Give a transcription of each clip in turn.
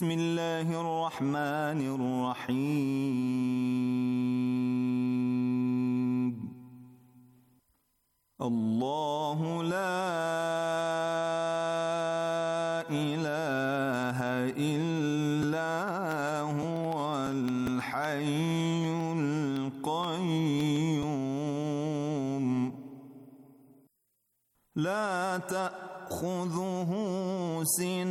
بسم الله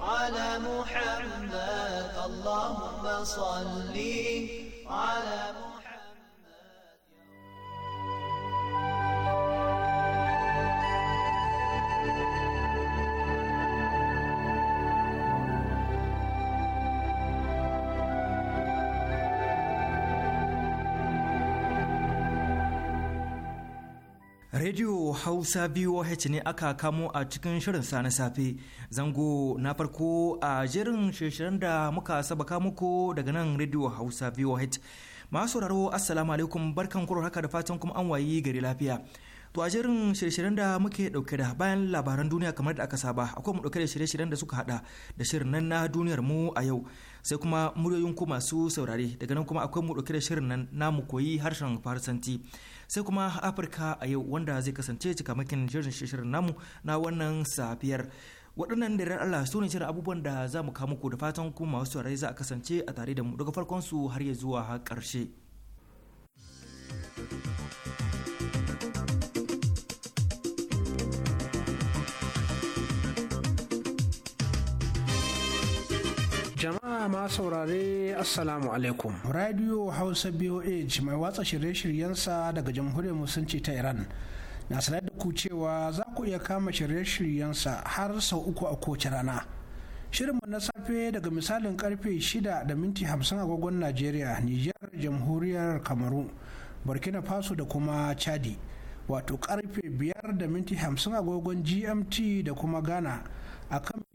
على محمد اللهم صلي على محمد Radio Hausa VOH ne aka kamo a cikin shirin sa na safe. Zango na farko a jerin shirin da muka sabaka muku daga nan Radio Hausa VOH. Masu sauraro Assalamu alaikum barkan kuro haka da fatan kuma an wayi gari lafiya. To a jerin shirin da muke dauke da bayan labaran duniya kamar da aka saba akwai mu dauke da shirye-shiryen da suka hada da shirin nan na duniyar mu a yau sai kuma muryoyin ku masu saurare daga nan kuma akwai mu dauke da shirin nan namu koyi harshen Farsanti. sai kuma afirka a yau wanda zai kasance cikamakin shirin shirin namu na wannan safiyar waɗannan da Allah su ne cire abubuwan da za mu kawo muku da fatan kuma masu saurari za a kasance a tare da mu daga farkon su har ya zuwa ƙarshe. Jama'a ma saurare Assalamu alaikum. Radio Hausa boa mai watsa shirye-shiryensa daga Jamhuriyar Musulunci ta Iran. Na sanar da ku cewa za ku iya kama shirye-shiryensa har sau uku a kowace rana. Shirinmu na safe daga misalin karfe shida da minti 50 agogon Najeriya, Nijar, Jamhuriyar Kamaru, Burkina Faso da kuma Chadi. Wato karfe 5 da minti 50 agogon GMT da kuma Ghana.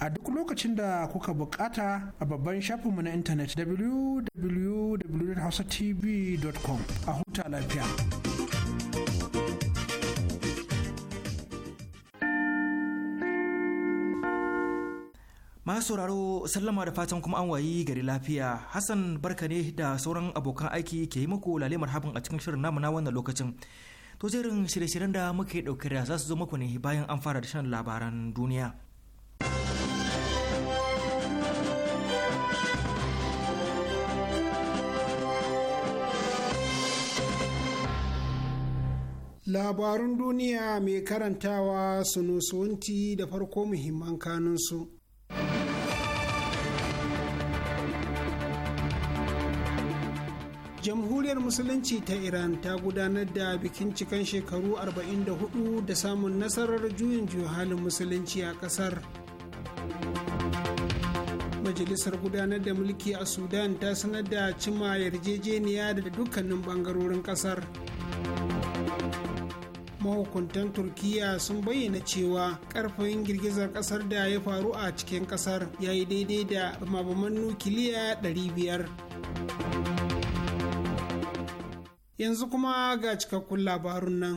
a duk lokacin da kuka bukata a babban shafinmu na intanet www.hausatv.com a huta lafiya. masu sauraro sallama da fatan kuma an wayi gari lafiya hassan barka ne da sauran abokan aiki ke yi muku lalemar habin a cikin shirin namu na wannan lokacin to jerin shirye-shiryen da muke ɗauke da za su zo muku ne bayan an fara da shan labaran duniya Labarun duniya mai karantawa sunusunti da farko muhimman kanunsu. Jamhuriyar Musulunci ta Iran ta gudanar da bikin cikan shekaru 44 da samun nasarar juyin halin musulunci a ƙasar. majalisar gudanar da mulki a sudan ta sanar da cima yarjejeniya da dukkanin bangarorin kasar mahukuntan turkiya sun bayyana cewa karfin girgizar kasar da ya faru a cikin kasar ya yi daidai da mabaman nukiliya 500 yanzu kuma ga cikakkun labarun nan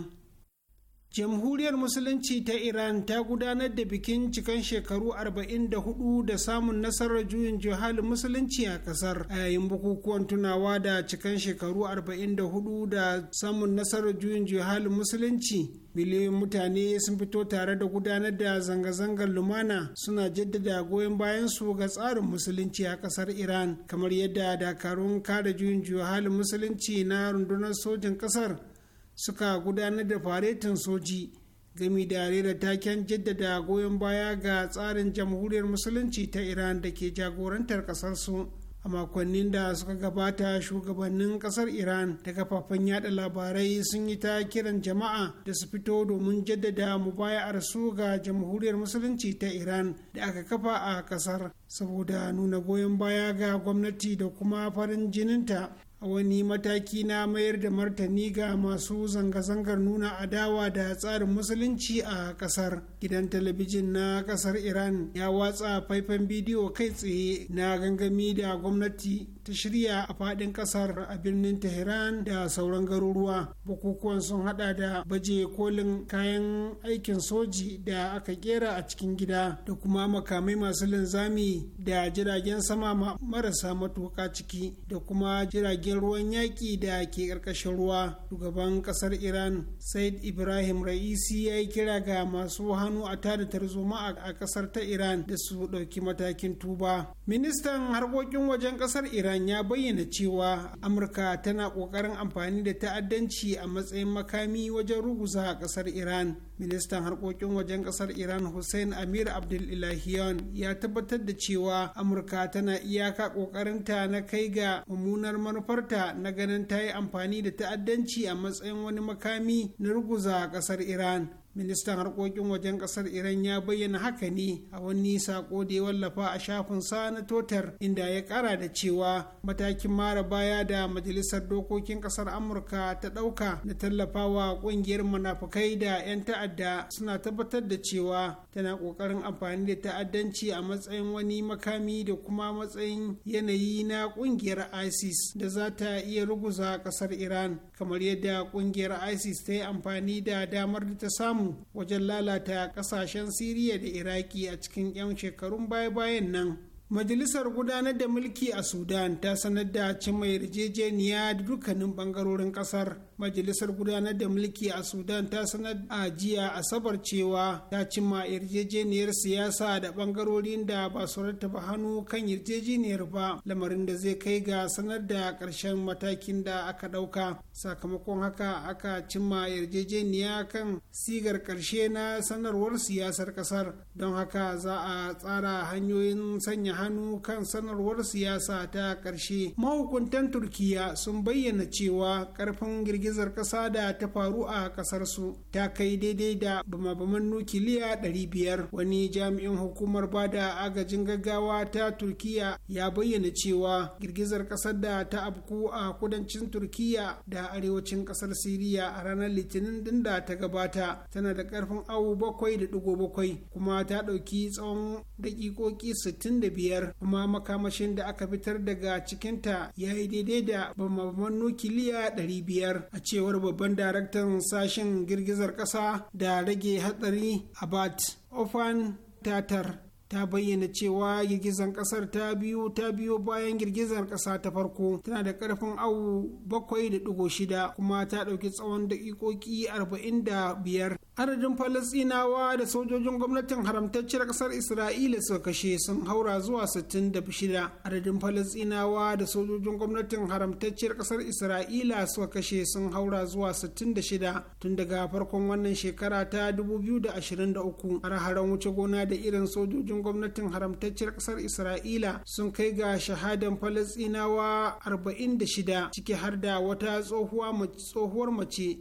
jamhuriyar musulunci ta iran ta gudanar da bikin cikan shekaru 44 da samun nasarar juyin juhalin musulunci a ƙasar. a yayin bukukuwan tunawa da cikan shekaru 44 da samun nasarar juyin juhalin musulunci miliyoyin mutane sun fito tare da gudanar da zanga-zangar lumana suna jaddada goyon bayan su ga tsarin musulunci a ƙasar iran kamar yadda dakarun kare juyin juhalin musulunci na rundunar sojin ƙasar? suka gudanar da faretin soji gami da rera taken jaddada goyon baya ga tsarin jamhuriyar musulunci ta iran da ke jagorantar kasarsu a makonnin da suka gabata shugabannin kasar iran da kafafen yada labarai sun yi ta kiran jama'a da su fito domin jaddada mubaya'ar su ga jamhuriyar musulunci ta iran da aka kafa a kasar saboda nuna goyon baya ga gwamnati da kuma farin jininta a wani mataki na mayar da martani ga masu zanga-zangar nuna adawa da tsarin musulunci a kasar gidan talabijin na kasar iran ya watsa faifan bidiyo kai tsaye na gangami da gwamnati ta shirya a fadin kasar a birnin tehran da sauran garuruwa bukukuwan sun hada da baje kolin kayan aikin soji da aka kera a cikin gida da kuma makamai masu linzami da jiragen sama marasa matuƙa ciki da kuma jiragen ruwan yaƙi da ke ƙarƙashin ruwa shugaban kasar iran said ibrahim ra'isi ya yi kira ga masu hannu a tada tarzoma a ƙasar ta iran da su ɗauki matakin tuba ministan harkokin wajen kasar iran iran ya bayyana cewa amurka tana ƙoƙarin amfani da ta'addanci a matsayin makami wajen ruguza a ƙasar iran ministan harkokin wajen ƙasar iran hussein amir abdul abdulilahiyan ya tabbatar da cewa amurka tana iyaka ƙoƙarinta na kai ga mummunar manufarta na ganin ta yi amfani da ta'addanci a matsayin wani makami na ruguza a ƙasar iran ministan harkokin wajen kasar iran ya bayyana haka ne a wani sako da ya wallafa a shafin sa na totar inda ya ƙara da cewa matakin mara baya da majalisar dokokin kasar amurka ta ɗauka na tallafawa ƙungiyar munafukai da 'yan ta'adda suna tabbatar da cewa tana ƙoƙarin amfani da ta'addanci a matsayin wani makami da kuma matsayin yanayi na ƙungiyar isis da za ta iya ruguza kasar iran kamar yadda ƙungiyar isis ta yi amfani da damar da ta samu samu wajen lalata kasashen siriya da iraki a cikin 'yan shekarun baya-bayan nan Majalisar gudanar da mulki a Sudan ta sanar da cimma yarjejeniya da dukkanin bangarorin kasar. Majalisar gudanar da mulki a Sudan ta sanar a jiya Asabar cewa ta cimma yarjejeniyar siyasa da bangarorin da ba su rattaba hannu kan yarjejeniyar ba, lamarin da zai kai ga sanar da ƙarshen matakin da aka ɗauka. Sakamakon haka aka cimma yarjejeniya kan sigar ƙarshe na sanarwar siyasar ƙasar, don haka za a tsara hanyoyin sanya hannu kan sanarwar siyasa ta ƙarshe mahukuntan turkiya sun bayyana cewa ƙarfin girgizar ƙasa da ta faru a ƙasarsu ta kai daidai da bama-baman nukiliya 500 wani jami'in hukumar bada agajin gaggawa ta turkiya ya bayyana cewa girgizar ƙasar da ta afku a kudancin turkiya da arewacin ƙasar siriya a ranar litinin din da ta gabata tana da ƙarfin awu bakwai da digo kuma ta ɗauki tsawon daƙiƙoƙi 65 biyar kuma makamashin da aka fitar daga cikinta ya yi daidai da bamaban nukiliya ɗari biyar a cewar babban daraktan sashen girgizar ƙasa da rage hatsari abad ofan tatar ta bayyana cewa girgizar kasar ta biyo ta biyo bayan girgizar kasa ta farko tana da karfin awu bakwai da shida kuma ta ɗauki tsawon daƙiƙoƙi biyar. adadin falasinawa da sojojin gwamnatin haramtacciyar kasar isra'ila suka kashe sun haura zuwa sittin da shida. adadin falasinawa da sojojin gwamnatin haramtacciyar kasar isra'ila suka kashe sun haura zuwa sittin da shida. tun daga farkon wannan shekara ta dubu biyu da da ashirin uku har-haren wuce gona da irin sojojin gwamnatin haramtacciyar kasar isra'ila sun kai ga shahadan falasɗinawa 46 ciki har da wata tsohuwar mace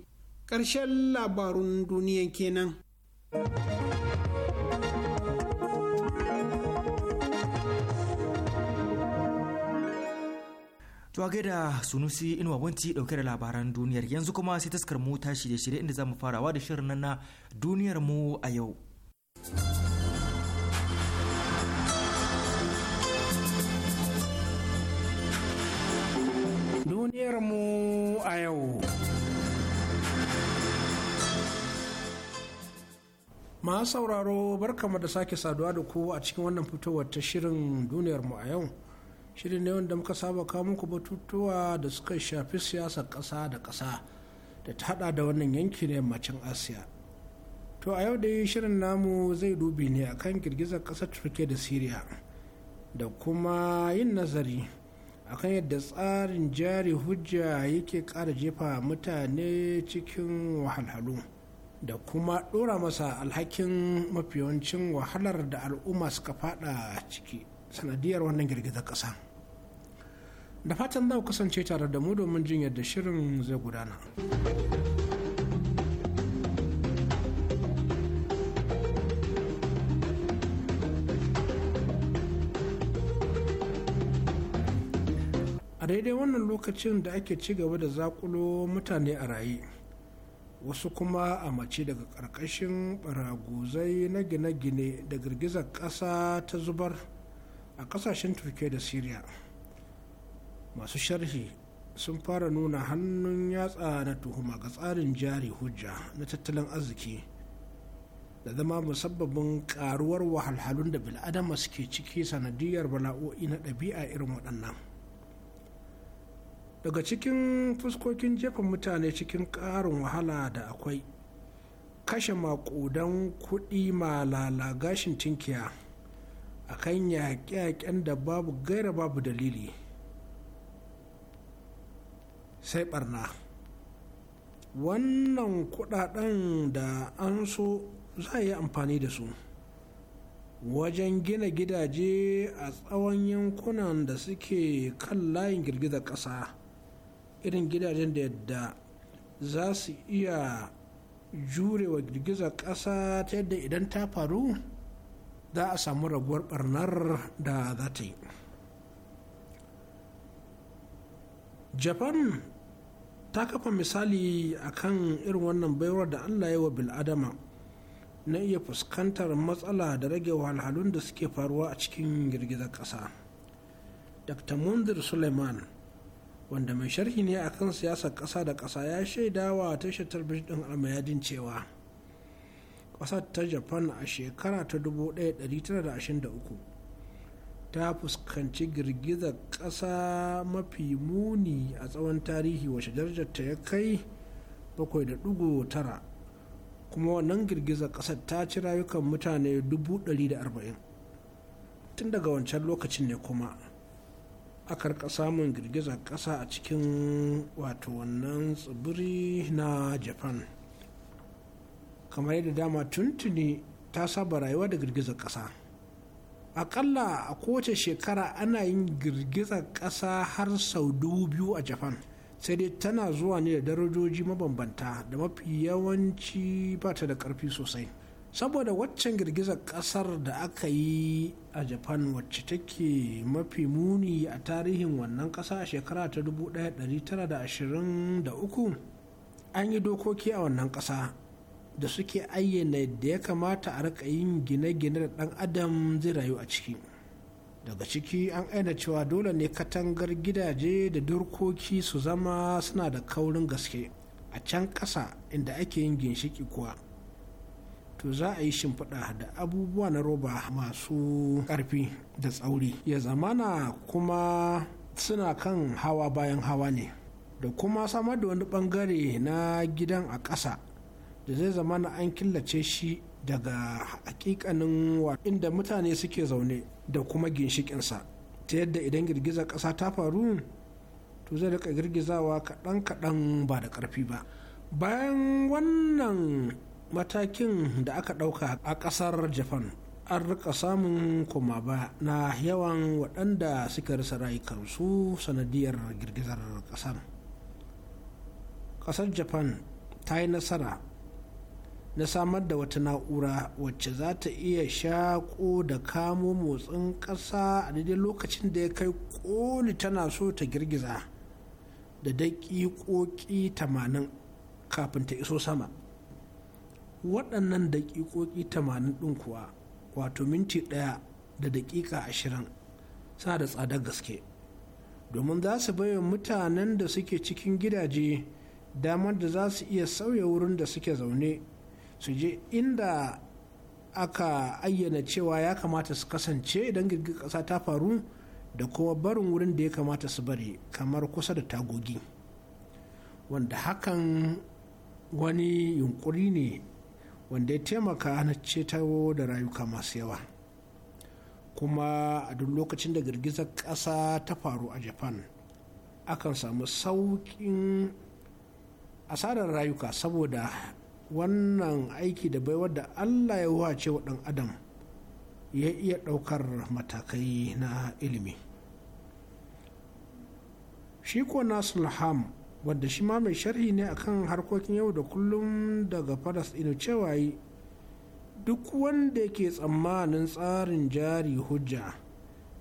karshen labarun duniya kenan. To da gaida Sunusi Inuwa wanci dauke da labaran duniyar yanzu kuma sai taskar mu ta shirye shirye inda zamu farawa da shirin na duniyar mu a yau. mu a yau. Masu sauraro barkamu da sake saduwa da ku a cikin wannan fitowar ta shirin duniyar mu a yau. Shirin ne wanda muka saba kawo muku batutuwa da suka shafi siyasar ƙasa da ƙasa da ta hada da wannan yanki na yammacin Asiya. To a yau dai shirin namu zai dubi ne akan girgizar ƙasar Turkiyya da Siriya da kuma yin nazari. akan yadda tsarin jari hujja yake ƙara jefa mutane cikin wahalhalu da kuma ɗora masa alhakin mafiyancin wahalar da al'umma suka fada ciki sanadiyar wannan girgizar ƙasa da fatan za kasance tare da mu domin jin yadda shirin zai gudana. a daidai wannan lokacin da ake ci gaba da zakulo mutane a raye wasu kuma a mace daga ƙarƙashin baraguzai na gine-gine da girgizar ƙasa ta zubar a ƙasashen turkiyya da syria masu sharhi sun fara nuna hannun yatsa na tuhuma ga tsarin jari hujja na tattalin arziki da zama musabbabin karuwar wahalhalun da bil'adama suke ciki sanadiyar bala'o'i na ɗabi'a irin waɗannan daga cikin fuskokin jefa mutane cikin ƙarin wahala da akwai kashe maƙudan kuɗi malala gashin tinkiya a kan yaƙe-yaƙen da babu gaira babu dalili sai barna wannan kuɗaɗen da an so za a yi amfani da su wajen gina gidaje a tsawon yankunan da suke kan layin girgizar ƙasa irin gidajen da yadda za su iya jurewa girgizar ƙasa ta yadda idan ta faru za a samu raguwar barnar da za ta yi japan ta kafa misali akan irin wannan baiwar da allah ya wa bil'adama na iya fuskantar matsala da rage wahalhalun da suke faruwa a cikin girgizar ƙasa dr munzir suleiman wanda mai sharhi ne a kan siyasar ƙasa da ƙasa ya shaida wa tashar talbijin ɗin almayadin cewa ƙasar ta japan a shekara ta 1923 ta fuskanci girgizar ƙasa mafi muni a tsawon tarihi wacce darajarta ya kai 7.9 kuma wannan girgizar ƙasar ta ci rayukan mutane 140 tun daga wancan lokacin ne kuma aka rika samun girgizar ƙasa a cikin wato wannan tsibiri na japan kamar yadda dama tuntuni ta saba rayuwa da girgizar ƙasa akalla a kowace shekara ana yin girgizar ƙasa har sau dubu biyu a japan sai dai tana zuwa ne da darajoji mabambanta da mafi yawanci ba ta da karfi sosai saboda waccan girgizar kasar da aka yi a japan wacce take mafi muni a tarihin wannan kasa a shekara ta 1923 an yi dokoki a wannan kasa da suke ayyana da ya kamata a rika yin gine-gine da dan adam zai rayu a ciki daga ciki an aina cewa dole ne katangar gidaje da durkoki su zama suna da kaurin gaske a can kasa inda ake yin ginshiki kuwa to za a yi shimfiɗa da abubuwa na roba masu ƙarfi da tsauri ya zamana kuma suna kan hawa bayan hawa ne da kuma samar da wani ɓangare na gidan a ƙasa da zai zamana an killace shi daga hakikanin inda mutane suke zaune da kuma ginshikinsa ta yadda idan girgizar ƙasa ta faru to zai rika girgizawa kaɗan-kaɗan ba da ƙarfi ba bayan wannan matakin da aka ɗauka a ƙasar japan an rika samun koma ba na yawan waɗanda suka rasa rayukansu sanadiyar girgizar ƙasar ƙasar japan ta yi nasara na samar da wata na'ura wacce za ta iya shaƙo da kamo motsin ƙasa a daidai lokacin da ya kai ƙoli tana so ta girgiza da daƙiƙoƙi 80 kafin ta iso sama waɗannan daƙiƙoƙi 80 ɗin kuwa wato minti ɗaya da daƙiƙa ashirin sa da tsadar gaske domin za su baiwa mutanen da suke cikin gidaje damar da za su iya sauya wurin da suke zaune su je inda aka ayyana cewa ya kamata su kasance idan girgin ƙasa ta faru da kuma barin wurin da ya kamata su bari kamar kusa da tagogi wanda hakan wani yunkuri ne wanda ya taimaka na ceto da rayuka masu yawa kuma a duk lokacin da girgizar ƙasa ta faru a japan akan samu sauƙin asarar rayuka saboda wannan aiki da baiwar da allah ya wace wa ɗan adam ya iya ɗaukar matakai na ilimi shi ko wadda shi ma mai sharhi ne akan harkokin yau da kullum daga faras ino cewa yi duk wanda ke tsammanin tsarin jari hujja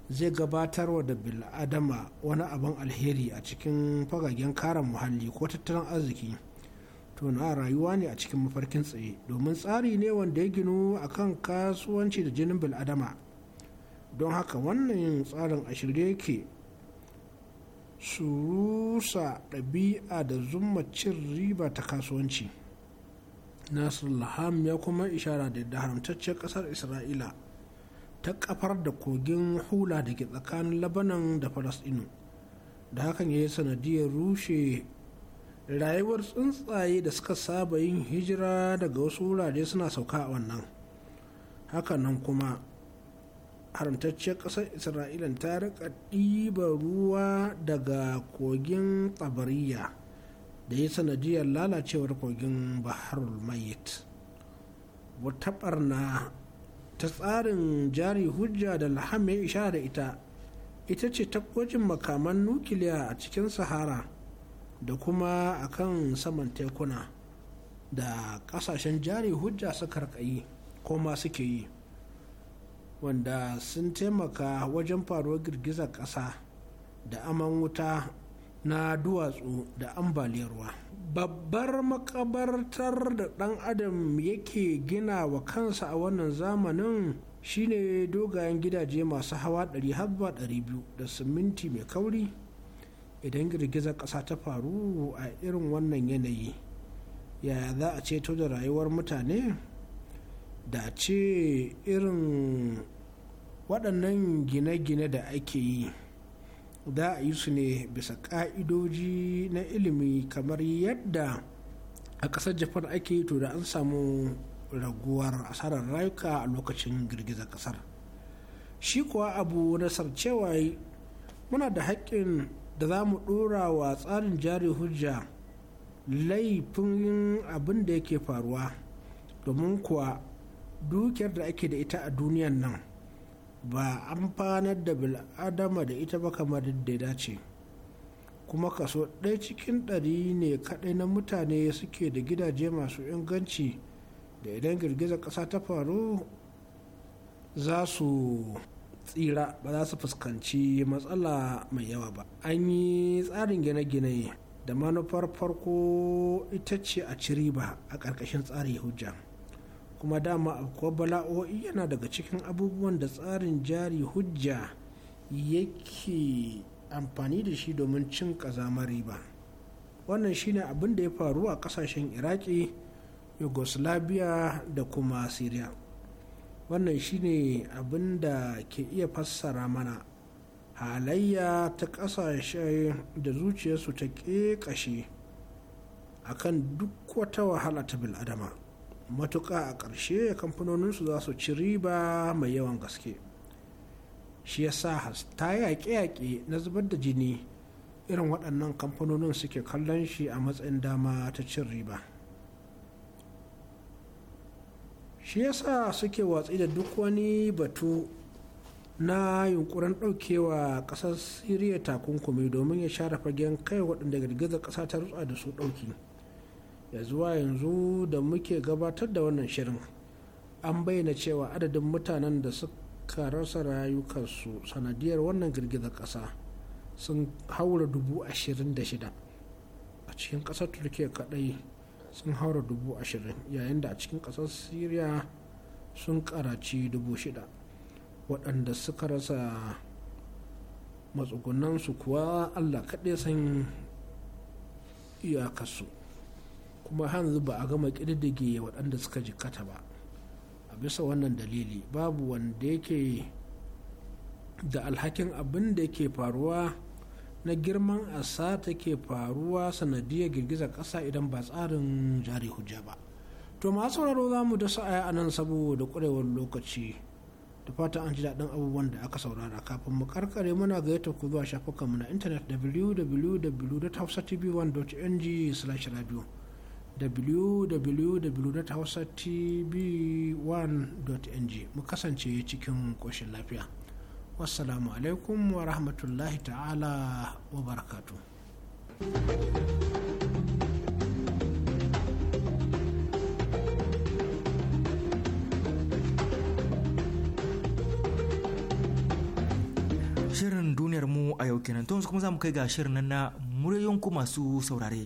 zai gabatarwa da bil'adama wani abin alheri a cikin fagagen kare muhalli ko tattalin arziki to na rayuwa ne a cikin mafarkin tsaye domin tsari ne wanda ya ginu akan kasuwanci da jinin bil'adama don haka wannan tsarin a shirye yake su rusa ɗabi'a da zumma riba ta kasuwanci nasir laham ya kuma ishara da haramtacciyar ƙasar isra'ila ta ƙafar da kogin hula da ke tsakanin labanan da falasɗinu da hakan ya yi sanadiyar rushe rayuwar tsuntsaye da suka saba yin hijira daga wasu wurare suna sauka a wannan hakanan kuma haramtacciyar ƙasar isra'ila ta rika ɗiba ruwa daga kogin tsabariya da ya sanadiyar lalacewar kogin baharul mayit wata barna ta tsarin jari hujja da laham ya da ita ita ce takwajin makaman nukiliya a cikin sahara da kuma a kan saman tekuna da kasashen jari hujja suka rika yi ko ma suke yi wanda sun taimaka wajen faruwar girgizar ƙasa da aman wuta na duwatsu da ambaliyar ruwa babbar makabartar da ɗan adam yake gina wa kansa a wannan zamanin shine dogayen gidaje masu hawa 100 200 da siminti mai kauri idan girgizar ƙasa ta faru a irin wannan yanayi yaya za a ceto da rayuwar mutane da ce irin waɗannan gine-gine da ake yi da a yi su ne bisa ƙa'idoji na ilimi kamar yadda a ƙasar japan ake yi to da an samu raguwar asarar rayuka a lokacin girgizar ƙasar shi kuwa abu nasar cewa muna da haƙƙin da za mu ɗora wa tsarin jari hujja laifin abin da yake faruwa domin kuwa dukiyar da ake da ita a duniyan nan ba amfanar da bil'adama da ita ba kamar da dace kuma kaso ɗaya cikin ɗari ne kaɗai na mutane suke da gidaje masu inganci da idan girgizar ƙasa ta faru za su tsira ba za su fuskanci matsala mai yawa ba an yi tsarin gine-gine da manufar farko ita ce a ciri ba a ƙarƙashin tsarin hujja. kuma dama akwai bala'o'i yana daga cikin abubuwan da tsarin jari hujja yake amfani da shi domin cin kazamari ba wannan shine abin da ya faru a kasashen iraki yugoslavia da kuma syria wannan shine abin da ke iya fassara mana halayya ta kasashe da zuciyarsu ta ƙeƙashe a kan duk wata wahala ta bil'adama matuƙa a ƙarshe kamfanoninsu za su ci riba mai yawan gaske shi ya sa ta yaƙe-yaƙe na zubar da jini irin waɗannan kamfanonin suke kallon shi a matsayin dama ta cin riba shi ya sa suke watsi da duk wani batu na yunkurin ɗaukewa ƙasar siriya takunkumi domin ya share fagen kai waɗanda girgizar ƙasa ta rutsa da su ɗauki. ya zuwa yanzu da muke gabatar da wannan shirin an bayyana cewa adadin mutanen da suka rasa rayukansu sanadiyar wannan girgizar ƙasa sun haura dubu ashirin da shida a cikin ƙasar turkiya kaɗai sun haura dubu ashirin yayin da a cikin ƙasar syria sun karaci dubu shida waɗanda suka rasa matsugunansu kuwa allah kaɗai san iyakarsu kuma hanzu ba a gama ƙididdige waɗanda suka jikata ba a bisa wannan dalili babu wanda yake da alhakin abin da ke faruwa na girman asa ta ke faruwa sanadiyar girgizar ƙasa idan ba tsarin jari hujja ba to masu sauraro za mu dasa aya a nan saboda kwarewar lokaci da fata an ji daɗin abubuwan da aka saurara kafin mu karkare muna gayyata ku zuwa shafukanmu na intanet www.hausatv1.ng/radio www.hausatv1.ng mu kasance cikin ƙoshin lafiya wassalamu alaikum wa rahmatullahi ta'ala wa barakatu. shirin duniyar mu a yau kenan to kuma za mu kai ga shirin na muryoyin masu saurare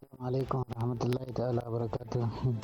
alaikum rahmatullahi ta'ala barakatu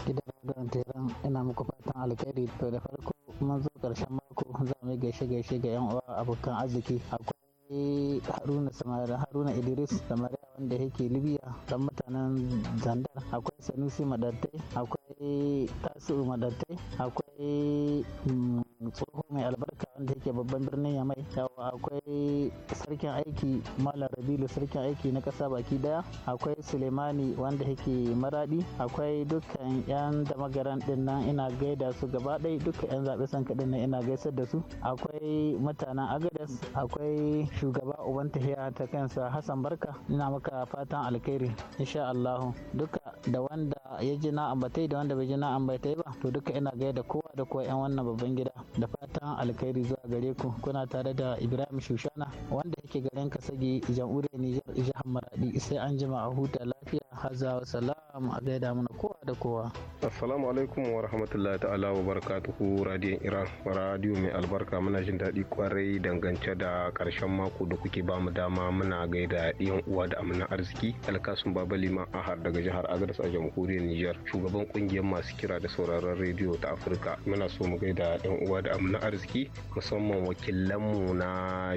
gidan radon teran ina muku fatan alkhairi to da farko kuma zo karshen mako za mu gaishe gaishe ga yan uwa abokan arziki akwai akwai haruna samari haruna idris samari wanda yake libya dan mutanen zandar akwai sanusi madattai akwai tasiru madattai akwai mm, tsoho mai albarka wanda yake babban birnin yamai yawa akwai sarkin aiki malam rabilu sarkin aiki na kasa baki daya akwai sulemani wanda yake maradi akwai dukkan yan damagaran din nan ina gaida su gaba ɗaya dukkan yan zaɓe san kaɗin ina gaisar da su akwai mutanen agadas akwai shugaba uban tafiya ta kansa Hassan Barka ina maka fatan alkhairi insha Allah duka da wanda ya ji na ambata da wanda bai ji na ambata ba to duka ina gaida da kowa da kowa yan wannan babban gida da fatan alkhairi zuwa gare ku kuna tare da Ibrahim Shushana wanda yake garin Kasagi jamhuriyar Nijar jihar Maradi sai an jima a huta lafiya hazawa salam a gaida mana kowa da kowa assalamu alaikum wa rahmatullahi ta'ala wa barakatuhu radiyon Iran radio mai albarka muna jin daɗi kwarai dangance da karshen mako mako da kuke ba mu dama muna gaida yan uwa da amina arziki alkasun baba liman ahar daga jihar agadas a jamhuriyar niger shugaban kungiyar masu kira da sauraron rediyo ta afirka muna so mu gaida yan uwa da amina arziki musamman mu na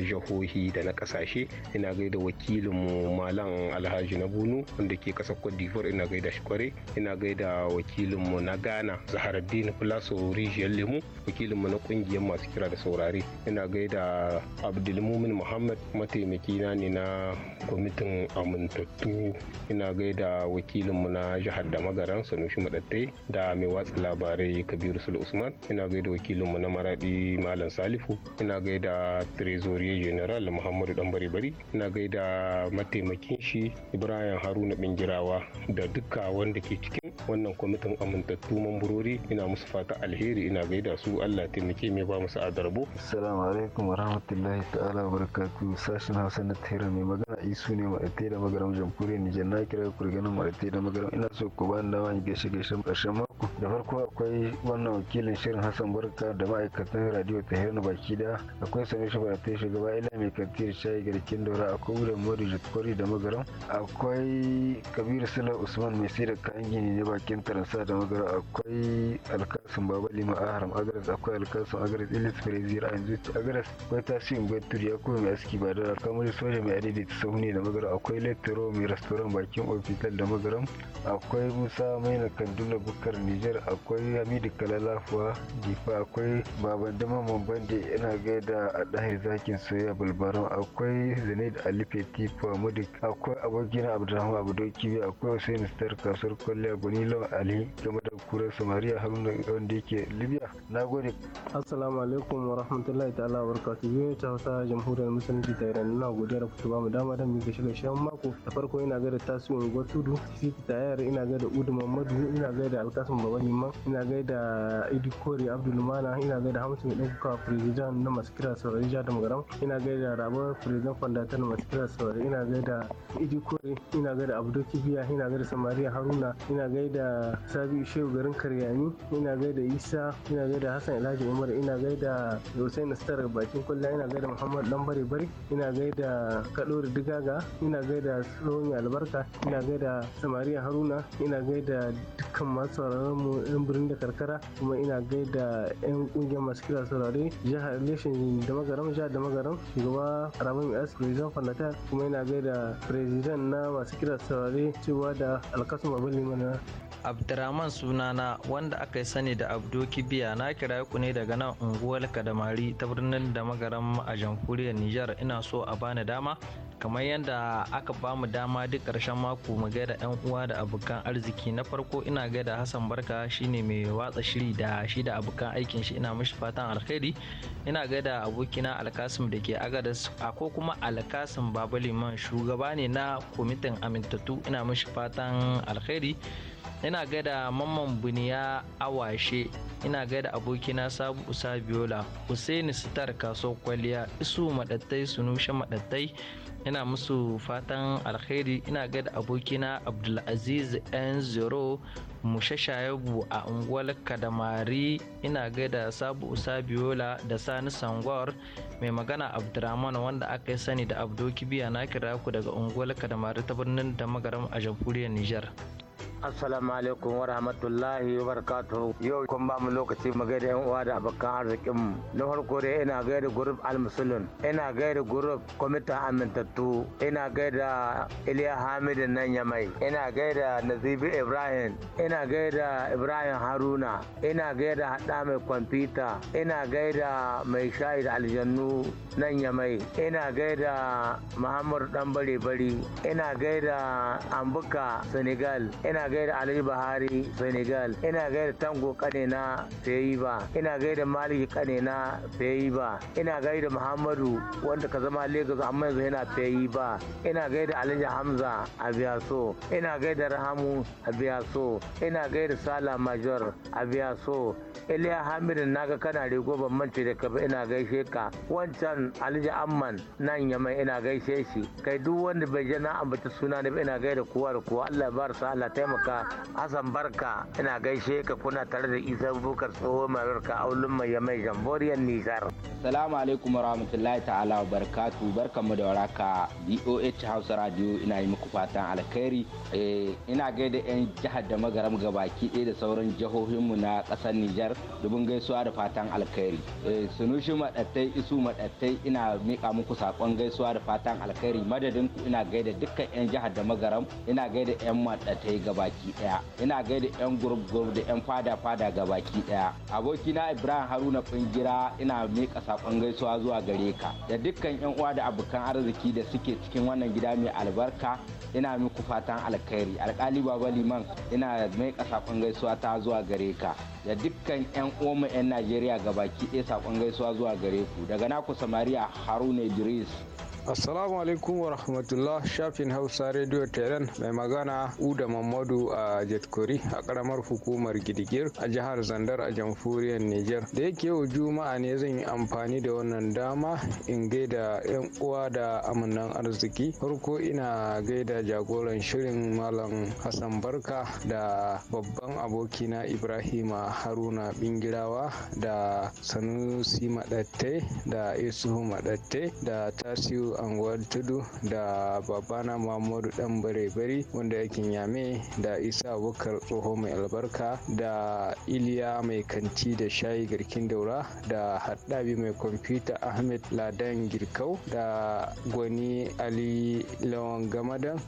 jihohi da na kasashe ina gaida wakilinmu malam alhaji na bunu wanda ke kasar cote d'ivoire ina gaida shi kwarai ina gaida wakilinmu na ghana zaharaddin plaso rijiyar lemu wakilinmu na kungiyar masu kira da saurare ina gaida abdulmumin muhammad muhammad mataimaki ne na kwamitin amintattu ina gaida wakilinmu na jihar da magaran sanushi madattai da mai watsa labarai kabiru sul usman ina gaida wakilinmu na maradi malam salifu ina gaida trezorier general muhammadu dan bari ina gaida mataimakin shi ibrahim haruna bingirawa da duka wanda ke cikin wannan kwamitin amintattu mamburori ina musu fata alheri ina gaida su allah taimake mai ba musu adarbo assalamu alaikum warahmatullahi ta'ala barka ku sashen hausa na tera mai magana isu ne maɗate da magaram jamhuriyar nijar na kira ku na maɗate da magaram ina so ku bani dama in gaishe gaishe ƙarshen mako da farko akwai wannan wakilin shirin hassan barka da ma'aikatan radio ta hirna baki da akwai sami shi ta shugaba ila mai kantir shayi garkin daura akwai wuri mori jikwari da magaram akwai kabiru sula usman mai sai da kayan gini ne bakin taransa da magaram akwai alkasun babali ma'aharam agaras akwai alkasun agaras ilis firezi ra'ayin zuci agaras akwai tasirin gwanturi ya kuma mai gaski ba da kamar soja mai adadi ta sauni da magaram akwai lektoro mai restaurant bakin ofital da magaram akwai musa maina kandula bukar niger akwai hamidu kalalafuwa difa akwai baban dama da yana gaida a ɗahir zakin soya bulbaran akwai zinaid ali feti famudik akwai abokina abdulrahman abdoki akwai hussein star kasuwar kwalliya gunilon ali game da kura samariya haruna wanda yake libya na gode assalamu alaikum wa rahmatullahi ta'ala wa barakatuhu ta hausa jamhuriyar hausa na iran ina godiya da kuke bamu dama don muke shiga shan mako da farko ina gaida tasu unguwar tudu siti tayar ina gaida udu mamadu ina gaida alkasim baba liman ina gaida idi kori abdul mana ina gaida hamsu mai ɗauka firizan na maskira saurari ja da magaram ina gaida rabar firizan kwandata na maskira saurari ina gaida idi kori ina gaida abdul kibiya ina gaida samariya haruna ina gaida sabi shehu garin karyani ina gaida isa ina gaida hassan alhaji umar ina gaida hussein nasarar bakin kwalla ina gaida muhammad lambari bari ina gaida kadori digaga ina gaida tsohon albarka ina gaida samariya haruna ina gaida dukkan masu sauraron mu yan birnin da karkara kuma ina gaida yan kungiyar masu kira saurare jihar leshin da magaram jihar da magaram shugaba rabin s president fanatar kuma ina gaida president na masu kira saurare cewa da alkasum abin limana Abdurrahman sunana wanda aka yi sani da Abdo Kibiya na kira ku ne daga nan unguwar Kadamari ta birnin da magaran a jamhuriyar Nijar ina so a bani dama kamar yadda aka bamu dama duk ƙarshen mako mu gaida yan uwa da abokan arziki na farko ina gaida Hassan Barka shine mai watsa shiri da shi da abokan aikin shi ina mishi fatan alkhairi ina gaida abokina Alkasim da ke Agadas ko kuma Alkasim babaliman shugaba ne na kwamitin amintattu ina mishi fatan alkhairi ina gada mamman buniya awashe ina gada abokina sabu usa biola usaini sitar kaso kwaliya isu madattai sunushe madattai ina musu fatan alkhairi ina gada abokina abdulaziz n zero mushashayabu a unguwar kadamari ina gaida sabu usa biola da sani sangwar mai magana abdurrahman wanda aka yi sani da abdoki kibiya na kira ku daga unguwar kadamari ta birnin da magaram a jamhuriyar nijar. assalamu alaikum wa rahmatullahi wa barakatuhu yau kun ba mu lokaci mu gaida yan uwa da abokan arzikin mu na farko dai ina gaida al almusulun ina gaida group kwamitin amintattu ina gaida iliya hamidu nan yamai ina gaida nazibi ibrahim ina gaida ibrahim haruna ina gaida hada mai kwamfuta ina gaida mai shayi da aljannu nan yamai ina gaida muhammadu dan bare bari ina gaida ambuka senegal ina gaida Alhaji Bahari Senegal ina gaida Tango kane na Feyi ba ina gaida Maliki kane na Feyi ba ina gaida Muhammadu wanda ka zama Lagos amma yanzu yana Feyi ba ina gaida Alhaji Hamza a ina gaida Rahamu a ina gaida Sala Major a Biyaso Iliya Hamidu naga kana rigo ban mance da kaba ina gaishe ka wancan Alhaji Amman nan yamai ina gaishe shi kai duk wanda bai je na ambata suna da ina gaida kowa da kowa Allah ya bar sa Allah taimaka barka azan barka ina gaishe ka kuna tare da isa bukar tsoho mararka aulun mai yamai jamboriyar nijar salamu alaikum warahmatullahi ta'ala wa barkatu mu da waraka boh hausa radio ina yi muku fatan alkhairi eh, ina gaida yan jihar da magaram gabaki ɗaya da sauran jihohinmu na ƙasar nijar dubin gaisuwa da fatan alkhairi eh, sunushi maɗattai isu maɗattai ina miƙa muku saƙon gaisuwa da fatan alkhairi madadin ina gaida dukkan yan jihar da magaram ina gaida yan maɗattai gabaki baki daya ina gaida yan gurup group da yan fada fada ga baki daya abokina ibrahim haruna kungira ina miƙa sakon gaisuwa zuwa gare ka da dukkan yan uwa da abokan arziki da suke cikin wannan gida mai albarka ina muku fatan alkhairi alkali baba liman ina miƙa sakon gaisuwa ta zuwa gare ka da dukkan yan uwanmu yan najeriya ga baki ɗaya sakon gaisuwa zuwa gare ku daga naku samaria haruna idris Assalamu alaikum wa rahmatullah shafin Hausa Radio Tehran mai magana Uda Mamadu a Jetkori a karamar hukumar Gidigir a jihar Zandar a jamhuriyar Niger. Da yake yau Juma'a ne zan yi amfani da wannan dama in gaida 'yan uwa da amannan arziki. Farko ina gaida jagoran shirin Malam Hassan Barka da babban abokina Ibrahima Haruna Bingirawa da Sanusi Madatte da Isuhu Madatte da Tasiu anguwar tudu da babana mamadu dan bare-bari wanda yakin yame da Isa Abubakar tsoho mai albarka da Iliya mai kanti da shayi girkin daura da haddabi mai kwamfuta Ahmed Ladan Girkau da Gwani Ali Lawan Gamadan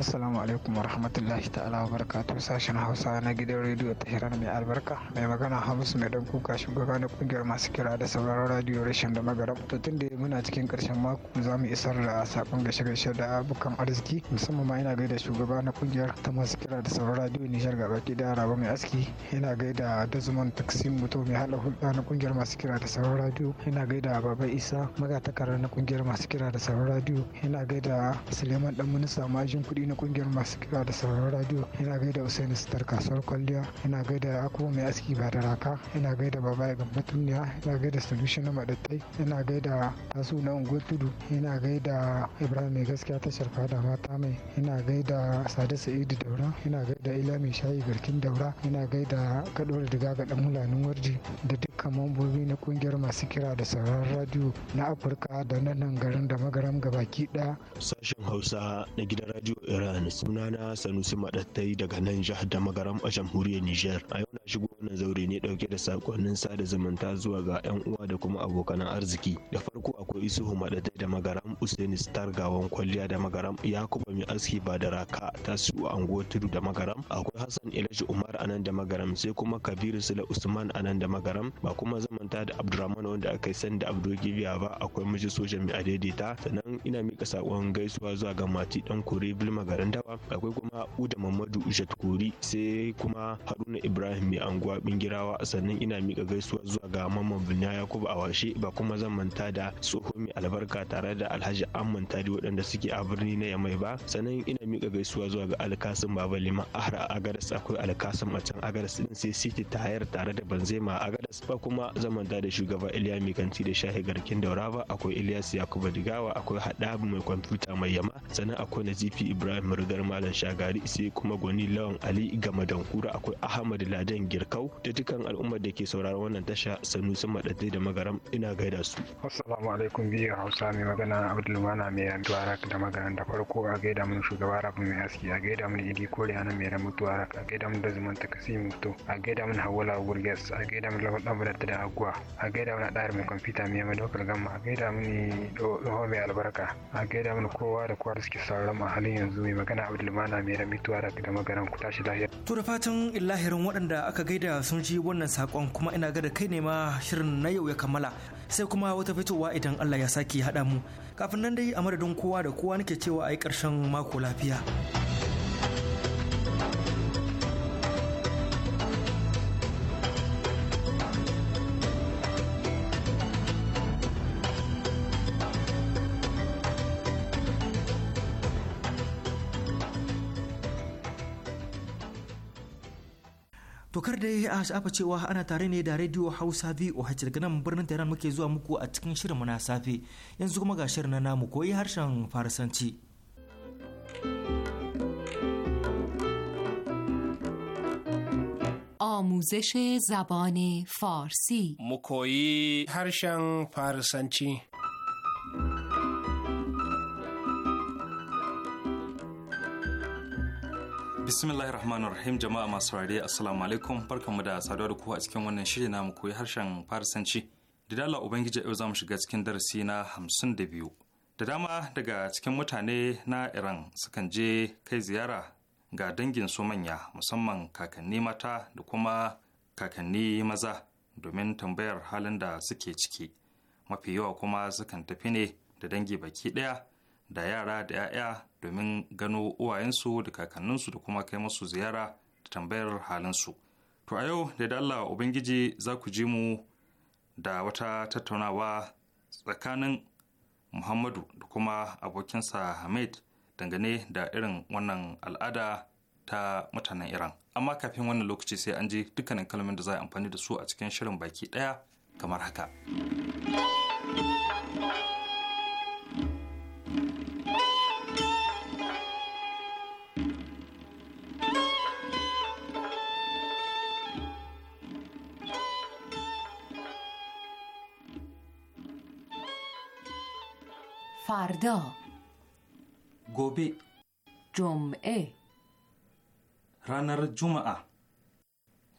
Assalamu alaikum wa rahmatullahi ta'ala wa barakatu sashen Hausa na gidan rediyo ta shirar mai albarka mai magana Hamisu mai dan kuka shugaba na kungiyar masu kira da sauraron radio rashin da magaram to tun da muna cikin karshen mako za mu isar da sakon gashe gashe da abokan arziki musamman ma yana gaida shugaba na kungiyar ta masu kira da sauran radio nijar ga baki da raba mai aski yana gaida dazuman taksim mutum mai hada hulɗa na kungiyar masu kira da sauran radio yana gaida baba isa magatakara na kungiyar masu kira da sauran radio yana gaida suleiman dan minista majin kuɗi na kungiyar masu kira da sauran radio yana gaida usaini sitar kasuwar kwalliya yana gaida akwai mai aski ba da raka yana gaida baba ya gamba yana gaida solution na madattai yana gaida tasu na unguwar tudu yana ina gaida ibrahim mai gaskiya tashar da mata mai ina gaida sadi sa'idu daura ina gaida ila mai shayi garkin daura ina gaida kadori diga ga dan mulanin warji da dukkan mambobi na kungiyar masu kira da sauran radio na afirka da nan garin da magaram gabaki daya sashen hausa na gidan radio iran na sanusi madattai daga nan jihar da magaram a jamhuriyar niger a yau na shigo wannan zaure ne dauke da sakonnin sada zumunta zuwa ga yan uwa da kuma abokan arziki da farko akwai isuhu madattai da magaram magaram usaini star gawan kwalliya da magaram yakuba mai aski ba da raka ta tasiu ango tudu da magaram akwai hassan ilashi umar anan da magaram sai kuma kabiru sula usman anan da magaram ba kuma zamanta da abdurrahman wanda aka yi san da abdo ba akwai miji sojan mai adaidaita sannan ina mika sakon gaisuwa zuwa ga mati dan kore bil garin dawa akwai kuma uda mamadu kuri sai kuma haruna ibrahim mai anguwa bingirawa sannan ina mika gaisuwa zuwa ga mamman binna yakubu awashe ba kuma zamanta da tsohon mai albarka tare da alhaji amman tari waɗanda suke a birni na yamai ba sannan ina mika gaisuwa zuwa ga alkasim baba liman ahra a agadas akwai alkasim a can agadas din sai city tayar tare da banzema a agadas ba kuma zaman da shugaba iliya mikanti da shahi garkin ba. akwai ilyas yakuba digawa akwai haɗabu mai kwamfuta mai yama sannan akwai nazifi ibrahim rigar malam shagari sai kuma gwani lawan ali gama dankura akwai ahmad ladan girkau da dukkan al'ummar da ke sauraron wannan tasha sun maɗaɗe da magaram ina gaida su assalamu alaikum biyu hausa mai magana sunana abdulmana mai rantuwa da maganin da farko a gaida mun shugaba rafin mai haske a gaida mun idi kore ana mai ramutuwa a gaida mun da zumunta kasi mutu a gaida mun hawala gurgas a gaida mun lawan dan da aguwa a gaida mun ɗari mai kwamfuta mai yamma dokar gamma a gaida mun ɗoho mai albarka a gaida mun kowa da kowa da suke sauran a halin yanzu mai magana abdulmana mai ramutuwa da maganin ku tashi lahiya. to da fatan lahirin waɗanda aka gaida sun ji wannan saƙon kuma ina ga da kai ne ma shirin na yau ya kammala sai kuma wata fitowa idan Allah ya sake haɗa mu kafin nan dai a madadin kowa da kowa nake cewa a yi ƙarshen mako lafiya. Tokar da ya shafa cewa ana tare ne da Radio Hausa VOH daga nan birnin Tehran muke zuwa muku a cikin shirinmu na safe. Yanzu kuma ga shirin na namu koyi harshen Farsanci. آموزش زبان فارسی مکویی هرشن فارسنچی bismillahir rahmanir rahim jama'a masu rari assalamu alaikum barkanmu da saduwa da kowa a cikin wannan shiri na mu koyi harshen farisanci da dala ubangiji yau za mu shiga cikin darasi na hamsin da biyu da dama daga cikin mutane na iran sukan je kai ziyara ga dangin su manya musamman kakanni mata da kuma kakanni maza domin tambayar halin da suke ciki mafi yawa kuma sukan tafi ne da dangi baki ɗaya da yara da 'ya'ya domin gano uwayensu da kakanninsu da kuma kai masu ziyara da tambayar halinsu to a yau da Allah ubangiji za ku ji mu da wata tattaunawa tsakanin muhammadu da kuma abokinsa hamid dangane da irin wannan al'ada ta mutanen iran amma kafin wannan lokaci sai an ji dukkanin kalmomin da za a amfani da su a cikin shirin baki ɗaya kamar haka. فردا گوبی جمعه رانر جمعه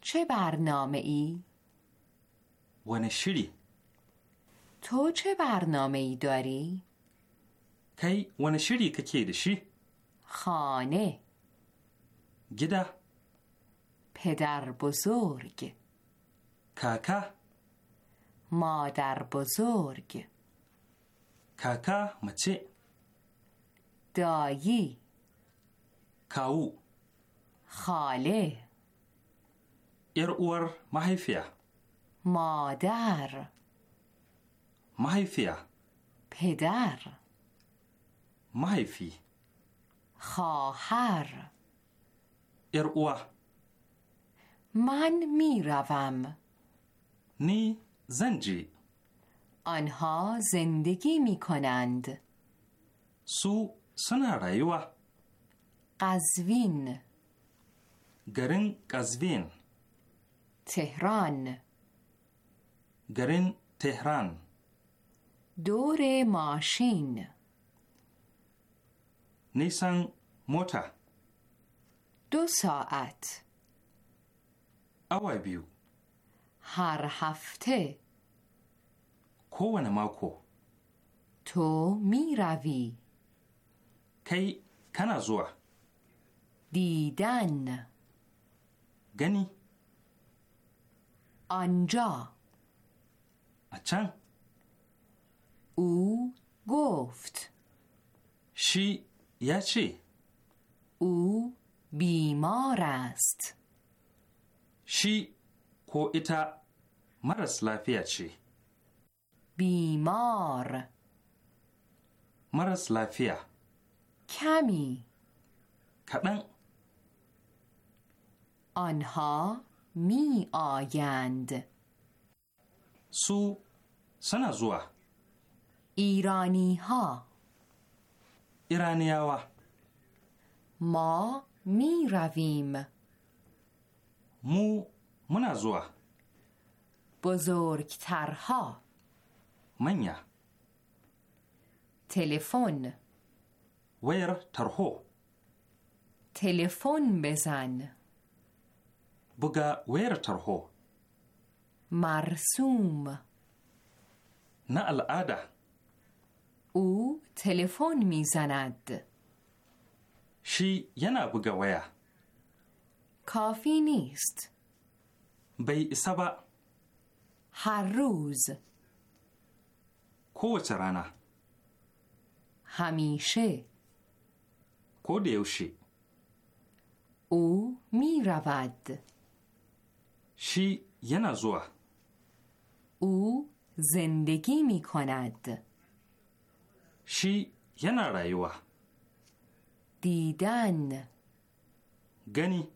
چه برنامه ای؟ ونشری تو چه برنامه ای داری؟ کی ونشری که کیدشی؟ خانه گده پدر بزرگ کاکا مادر بزرگ kaka mace dayi kawu khale uwar mahaifiya madar mahaifiya pedar mahaifi خواهر اروا من میروم نی زنجی آنها زندگی می کنند سو سنا رایوه قزوین گرین قزوین تهران گرین تهران دور ماشین نیسان موتا دو ساعت اوای بیو هر هفته kowane mako. To mi ravi. Kai kana zuwa. Didan. Gani. Anja. A can. U goft. Shi ya ce. U bimarast. Shi ko ita maras lafiya ce. بیمار مرس لافیه کمی کدن آنها می آیند سو سنا زوا ایرانی ها ایرانی ها ما می رویم مو منا زوا بزرگترها manya تليفون وير ترهو تليفون بزان بگا وير ترهو مرسوم نه العاده او تليفون ميزاند شي ينا بگا ويا كافي نيست بي سبا هر روز kowace رانه؟ همیشه کودیوشی او می رود شی یه نزوه او زندگی می کند شی یه رایوه دیدن گنی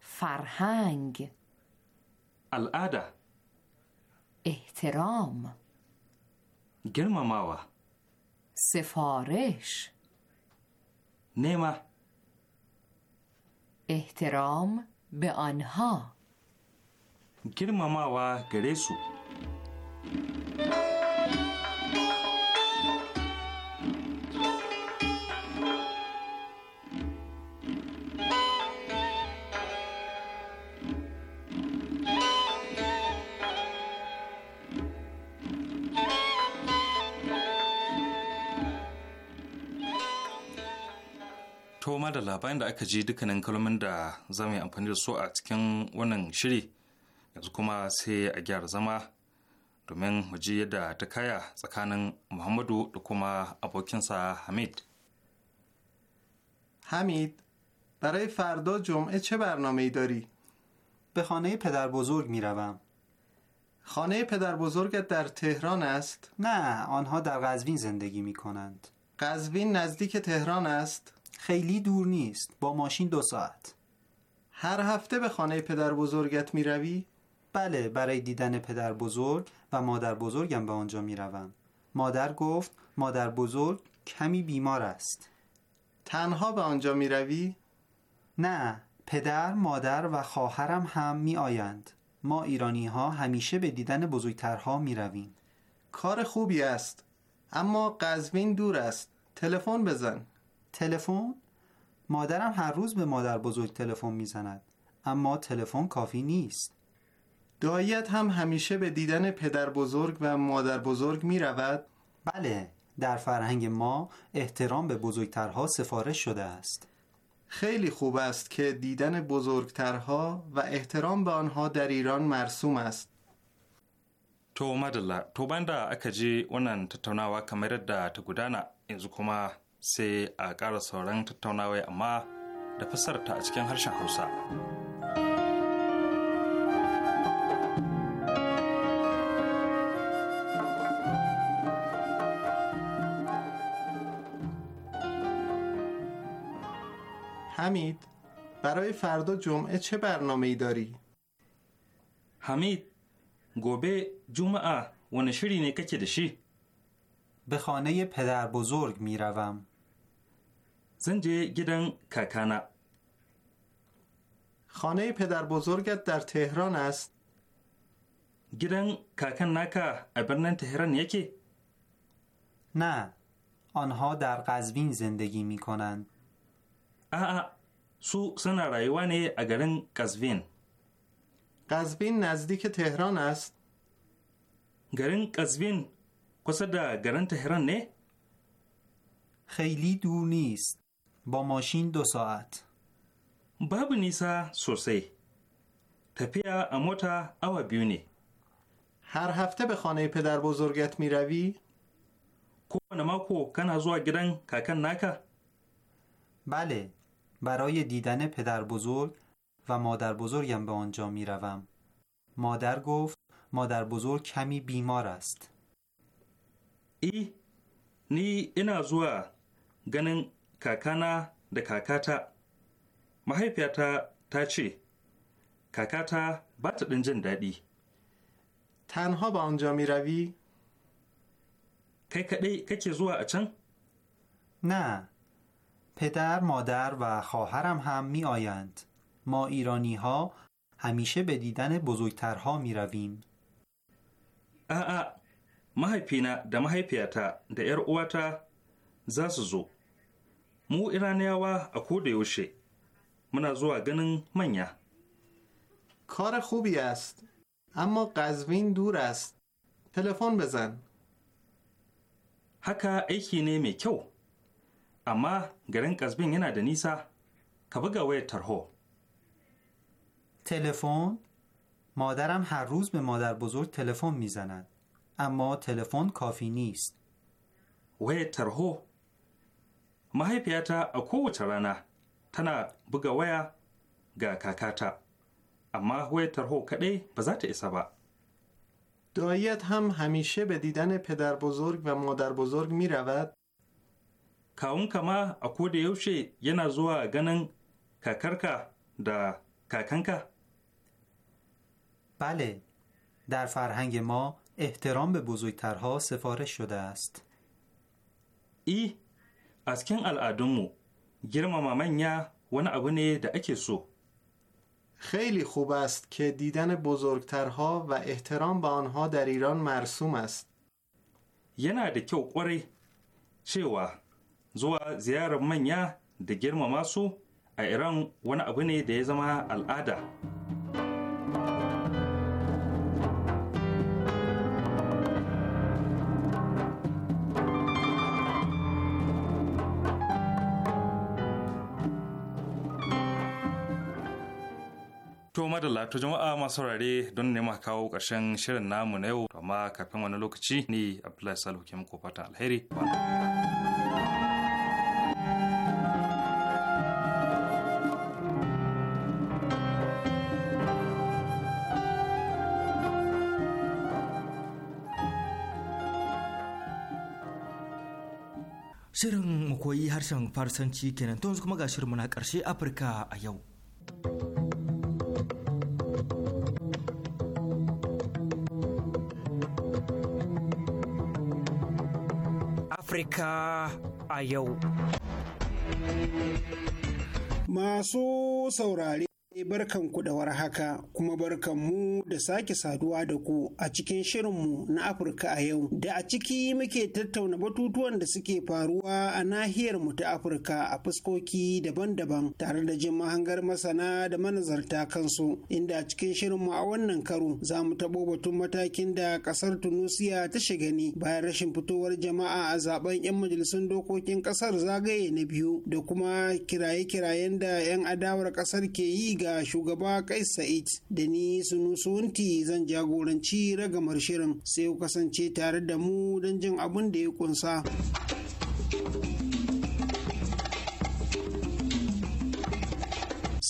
فرهنگ العاده احترام گرمماوا سفارش نیما احترام به آنها گرمماوا گریسو To da labarin da aka ji dukkanin kalmomin da za mu yi amfani da su a cikin wannan shiri yanzu kuma sai a gyara zama domin mu ji yadda ta kaya tsakanin Muhammadu da kuma abokinsa Hamid. Hamid, برای فردا جمعه چه برنامه ای داری؟ به خانه پدر بزرگ می روم. خانه پدر بزرگت در تهران است؟ نه، آنها در قزوین زندگی می کنند. قزوین نزدیک تهران است؟ خیلی دور نیست با ماشین دو ساعت هر هفته به خانه پدر بزرگت می روی؟ بله برای دیدن پدر بزرگ و مادر بزرگم به آنجا می روم. مادر گفت مادر بزرگ کمی بیمار است تنها به آنجا می روی؟ نه پدر، مادر و خواهرم هم می آیند ما ایرانی ها همیشه به دیدن بزرگترها می رویم کار خوبی است اما قزوین دور است تلفن بزن تلفن مادرم هر روز به مادر بزرگ تلفن میزند اما تلفن کافی نیست داییت هم همیشه به دیدن پدر بزرگ و مادر بزرگ می رود؟ بله در فرهنگ ما احترام به بزرگترها سفارش شده است خیلی خوب است که دیدن بزرگترها و احترام به آنها در ایران مرسوم است تو مدلا تو بنده اکجی اونن wannan tattaunawa kamar تگودانا ta gudana sai a ƙara sauran tattaunawa amma da fasarta a cikin harshen hausa حمید برای فردا جمعه چه برنامه ای داری؟ حمید گوبه جمعه و نشری نکه که دشی؟ به خانه پدر بزرگ می روم. زنجه گیدن کاکانا خانه پدر بزرگت در تهران است؟ گیدن کاکن که ابرنن تهران یکی؟ نه آنها در قزوین زندگی می کنند آه سو سن رایوان اگرن قزوین قزوین نزدیک تهران است؟ گرن قزوین کسا گرن تهران نه؟ خیلی دور نیست با ماشین دو ساعت باب نیسا سوسی تپیا اموتا او بیونی هر هفته به خانه پدر بزرگت می روی؟ کو کن ازوا گرن کاکن ناکا؟ بله برای دیدن پدر بزرگ و مادر بزرگم به آنجا می روم. مادر گفت مادر بزرگ کمی بیمار است. ای نی این زوا گنن kakana da kakata mahaifiyata ta ce kakata ba ta ɗin jin daɗi تنها به آنجا می روی؟ کی کدی زو زوا اچن؟ نه پدر، مادر و خواهرم هم می آیند ما ایرانی ها همیشه به دیدن بزرگترها می رویم آه آه مهی پینا ده مهی پیاتا ده ایر اواتا زو mu iraniyawa a koda yaushe muna zuwa ganin manya کار خوبی است اما قزوین دور است تلفن بزن haka aiki ne mai kyau amma garin kasbin yana da nisa ka buga wayar tarho تلفن مادرم هر روز به مادر بزرگ تلفن میزند اما تلفن کافی نیست وی ترهو mahaifiyata a kowace rana tana buga waya ga kakata اما هوی ترهو کدی به ذات ایسا دایت هم همیشه به دیدن پدر بزرگ و مادر بزرگ می رود؟ کاون کما اکو دیوشه یه ینا زوا گنن ککرکا دا کاکنکا بله در فرهنگ ما احترام به بزرگترها سفارش شده است ای A al'adunmu, girmama manya wani abu ne da ake so. خیلی خوب است که دیدن بزرگترها و احترام به آنها در ایران yana da kyau kwarai cewa zuwa ziyarar manya da girmama su a Iran wani abu ne da ya zama al'ada. wato jama'a masu saurare don nema kawo ƙarshen shirin namu na yau amma kafin wani lokaci ni Abdullahi Salihu ke muku fatan alheri. Shirin mu harshen Farsanci kenan to yanzu kuma ga shirin na ƙarshe Afirka a yau. Afirka a yau. Masu saurare barkan ku da warhaka kuma barkan mu da sake saduwa da ku a cikin shirinmu na Afirka a yau da a ciki muke tattauna batutuwan da suke faruwa a nahiyar mu ta Afirka a fuskoki daban-daban tare da jin mahangar masana da manazarta kansu inda a cikin shirinmu a wannan karo za mu tabo batun matakin da kasar Tunusiya ta shiga ne bayan rashin fitowar jama'a a zaben 'yan majalisun dokokin kasar zagaye na biyu da kuma kiraye-kirayen da 'yan adawar kasar ke yi ga da shugaba Kais Sa'id da ni Sunusunti zan jagoranci ragamar shirin sai ku kasance tare da mu don jin abin da ya kunsa.